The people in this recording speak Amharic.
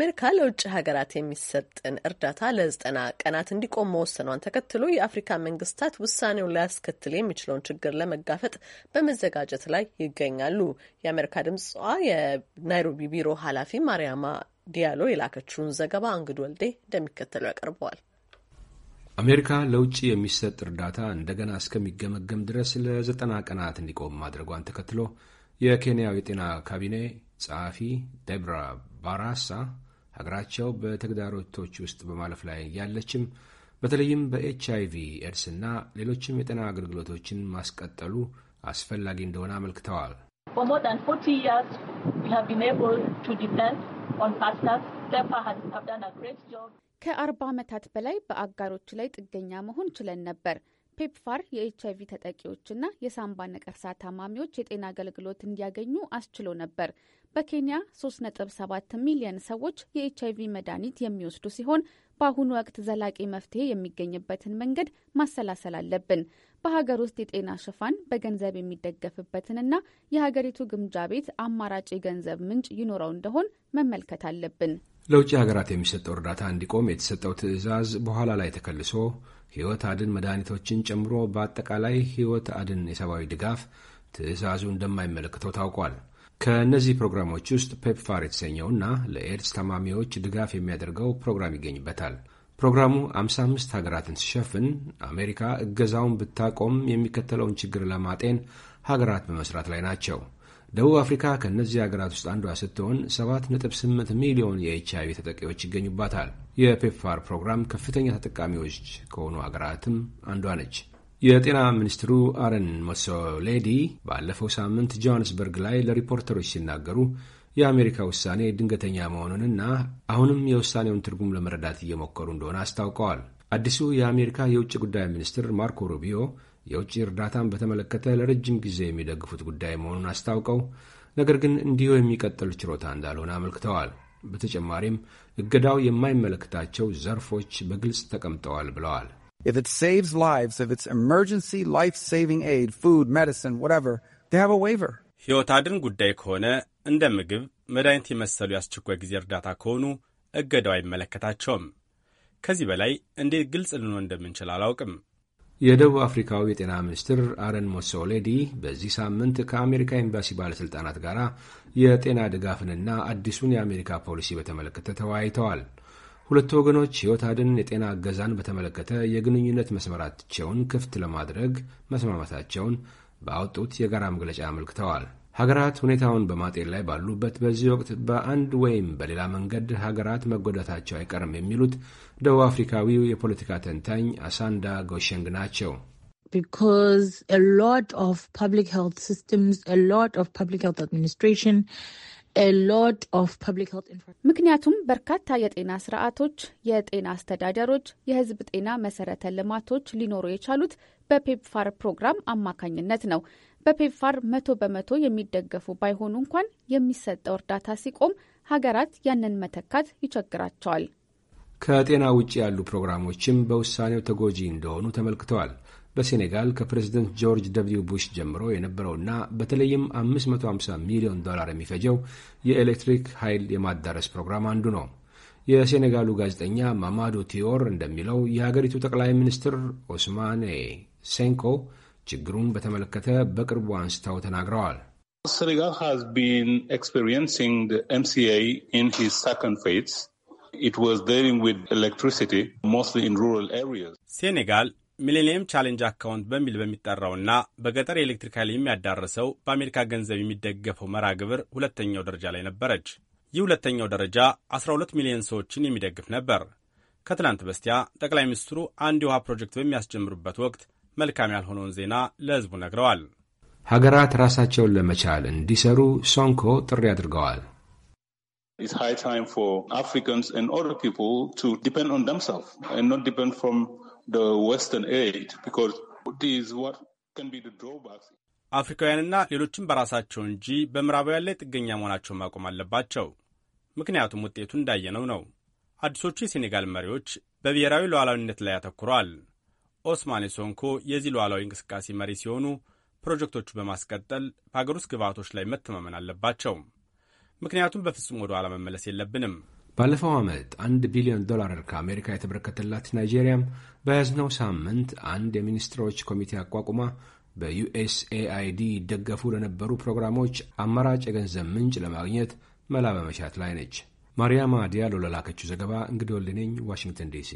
አሜሪካ ለውጭ ሀገራት የሚሰጥን እርዳታ ለዘጠና ቀናት እንዲቆም መወሰኗን ተከትሎ የአፍሪካ መንግስታት ውሳኔውን ሊያስከትል የሚችለውን ችግር ለመጋፈጥ በመዘጋጀት ላይ ይገኛሉ። የአሜሪካ ድምጽ የናይሮቢ ቢሮ ኃላፊ ማርያማ ዲያሎ የላከችውን ዘገባ እንግድ ወልዴ እንደሚከተለው ያቀርበዋል። አሜሪካ ለውጭ የሚሰጥ እርዳታ እንደገና እስከሚገመገም ድረስ ለዘጠና ቀናት እንዲቆም ማድረጓን ተከትሎ የኬንያው የጤና ካቢኔ ጸሐፊ ዴብራ ባራሳ ሀገራቸው በተግዳሮቶች ውስጥ በማለፍ ላይ ያለችም በተለይም በኤች አይቪ ኤድስ እና ሌሎችም የጤና አገልግሎቶችን ማስቀጠሉ አስፈላጊ እንደሆነ አመልክተዋል። ከአርባ ዓመታት በላይ በአጋሮቹ ላይ ጥገኛ መሆን ችለን ነበር። ፔፕፋር የኤች አይቪ ተጠቂዎችና የሳምባ ነቀርሳ ታማሚዎች የጤና አገልግሎት እንዲያገኙ አስችሎ ነበር። በኬንያ 3.7 ሚሊዮን ሰዎች የኤች አይቪ መድኃኒት የሚወስዱ ሲሆን በአሁኑ ወቅት ዘላቂ መፍትሄ የሚገኝበትን መንገድ ማሰላሰል አለብን። በሀገር ውስጥ የጤና ሽፋን በገንዘብ የሚደገፍበትንና የሀገሪቱ ግምጃ ቤት አማራጭ የገንዘብ ምንጭ ይኖረው እንደሆን መመልከት አለብን። ለውጭ ሀገራት የሚሰጠው እርዳታ እንዲቆም የተሰጠው ትዕዛዝ በኋላ ላይ ተከልሶ ሕይወት አድን መድኃኒቶችን ጨምሮ በአጠቃላይ ሕይወት አድን የሰብአዊ ድጋፍ ትዕዛዙ እንደማይመለክተው ታውቋል። ከእነዚህ ፕሮግራሞች ውስጥ ፔፕፋር የተሰኘውና ለኤድስ ታማሚዎች ድጋፍ የሚያደርገው ፕሮግራም ይገኝበታል። ፕሮግራሙ 55 ሀገራትን ሲሸፍን አሜሪካ እገዛውን ብታቆም የሚከተለውን ችግር ለማጤን ሀገራት በመስራት ላይ ናቸው። ደቡብ አፍሪካ ከእነዚህ ሀገራት ውስጥ አንዷ ስትሆን 7.8 ሚሊዮን የኤች አይቪ ተጠቂዎች ይገኙባታል። የፔፕፋር ፕሮግራም ከፍተኛ ተጠቃሚዎች ከሆኑ ሀገራትም አንዷ ነች። የጤና ሚኒስትሩ አረን ሞሶሌዲ ባለፈው ሳምንት ጆሃንስበርግ ላይ ለሪፖርተሮች ሲናገሩ የአሜሪካ ውሳኔ ድንገተኛ መሆኑንና አሁንም የውሳኔውን ትርጉም ለመረዳት እየሞከሩ እንደሆነ አስታውቀዋል። አዲሱ የአሜሪካ የውጭ ጉዳይ ሚኒስትር ማርኮ ሩቢዮ የውጭ እርዳታን በተመለከተ ለረጅም ጊዜ የሚደግፉት ጉዳይ መሆኑን አስታውቀው ነገር ግን እንዲሁ የሚቀጥል ችሮታ እንዳልሆነ አመልክተዋል። በተጨማሪም እገዳው የማይመለከታቸው ዘርፎች በግልጽ ተቀምጠዋል ብለዋል። ሕይወት አድን ጉዳይ ከሆነ እንደ ምግብ፣ መድኃኒት የመሰሉ የአስቸኳይ ጊዜ እርዳታ ከሆኑ እገዳው አይመለከታቸውም። ከዚህ በላይ እንዴት ግልጽ ልንሆን እንደምንችል አላውቅም። የደቡብ አፍሪካው የጤና ሚኒስትር አረን ሞሶሌዲ በዚህ ሳምንት ከአሜሪካ ኤምባሲ ባለሥልጣናት ጋር የጤና ድጋፍንና አዲሱን የአሜሪካ ፖሊሲ በተመለከተ ተወያይተዋል። ሁለቱ ወገኖች ሕይወት አድን የጤና እገዛን በተመለከተ የግንኙነት መስመራቸውን ክፍት ለማድረግ መስማማታቸውን በአወጡት የጋራ መግለጫ አመልክተዋል። ሀገራት ሁኔታውን በማጤን ላይ ባሉበት በዚህ ወቅት በአንድ ወይም በሌላ መንገድ ሀገራት መጎዳታቸው አይቀርም የሚሉት ደቡብ አፍሪካዊው የፖለቲካ ተንታኝ አሳንዳ ጎሸንግ ናቸው። ምክንያቱም በርካታ የጤና ስርዓቶች፣ የጤና አስተዳደሮች፣ የህዝብ ጤና መሰረተ ልማቶች ሊኖሩ የቻሉት በፔፕፋር ፕሮግራም አማካኝነት ነው። በፔፕፋር መቶ በመቶ የሚደገፉ ባይሆኑ እንኳን የሚሰጠው እርዳታ ሲቆም ሀገራት ያንን መተካት ይቸግራቸዋል። ከጤና ውጭ ያሉ ፕሮግራሞችም በውሳኔው ተጎጂ እንደሆኑ ተመልክተዋል። በሴኔጋል ከፕሬዝደንት ጆርጅ ደብሊው ቡሽ ጀምሮ የነበረውና በተለይም 550 ሚሊዮን ዶላር የሚፈጀው የኤሌክትሪክ ኃይል የማዳረስ ፕሮግራም አንዱ ነው። የሴኔጋሉ ጋዜጠኛ ማማዶ ቲዮር እንደሚለው የሀገሪቱ ጠቅላይ ሚኒስትር ኦስማኔ ሴንኮ ችግሩን በተመለከተ በቅርቡ አንስተው ተናግረዋል። ሴኔጋል ሃዝ ቢን ኤክስፔሪየንሲንግ ኤምሲኤ ኢን ሂዝ ሰከንድ ፌዝ ኢት ዋዝ ዴሊንግ ዊዝ ኤሌክትሪሲቲ ሞስትሊ ኢን ሩራል ኤሪያስ ሴኔጋል ሚሌኒየም ቻሌንጅ አካውንት በሚል በሚጠራውና በገጠር የኤሌክትሪክ ኃይል የሚያዳርሰው በአሜሪካ ገንዘብ የሚደገፈው መርሃ ግብር ሁለተኛው ደረጃ ላይ ነበረች። ይህ ሁለተኛው ደረጃ 12 ሚሊዮን ሰዎችን የሚደግፍ ነበር። ከትናንት በስቲያ ጠቅላይ ሚኒስትሩ አንድ የውሃ ፕሮጀክት በሚያስጀምሩበት ወቅት መልካም ያልሆነውን ዜና ለህዝቡ ነግረዋል። ሀገራት ራሳቸውን ለመቻል እንዲሰሩ ሶንኮ ጥሪ አድርገዋል። አፍሪካውያንና ሌሎችም በራሳቸው እንጂ በምዕራባውያን ላይ ጥገኛ መሆናቸውን ማቆም አለባቸው። ምክንያቱም ውጤቱ እንዳየነው ነው። አዲሶቹ የሴኔጋል መሪዎች በብሔራዊ ሉዓላዊነት ላይ ያተኩረዋል። ኦስማኔ ሶንኮ የዚህ ሉዓላዊ እንቅስቃሴ መሪ ሲሆኑ ፕሮጀክቶቹ በማስቀጠል በሀገር ውስጥ ግብዓቶች ላይ መተማመን አለባቸው። ምክንያቱም በፍጹም ወደ ኋላ መመለስ የለብንም። ባለፈው ዓመት አንድ ቢሊዮን ዶላር ከአሜሪካ የተበረከተላት ናይጄሪያም በያዝነው ሳምንት አንድ የሚኒስትሮች ኮሚቴ አቋቁማ በዩኤስኤአይዲ ይደገፉ ለነበሩ ፕሮግራሞች አማራጭ የገንዘብ ምንጭ ለማግኘት መላ በመሻት ላይ ነች። ማርያማ ዲያሎ ለላከችው ዘገባ እንግዶልነኝ ዋሽንግተን ዲሲ